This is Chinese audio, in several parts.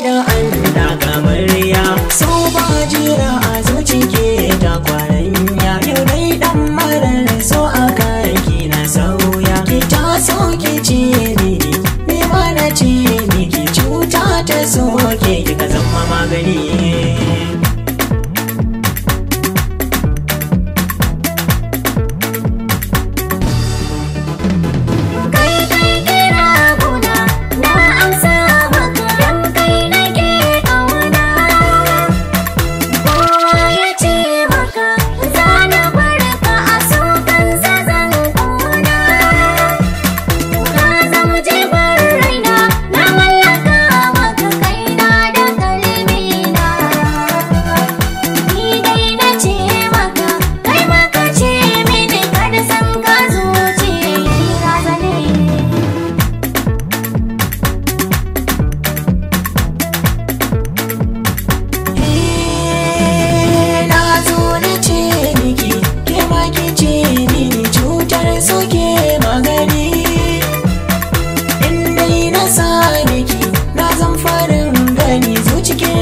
hold on.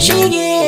世界。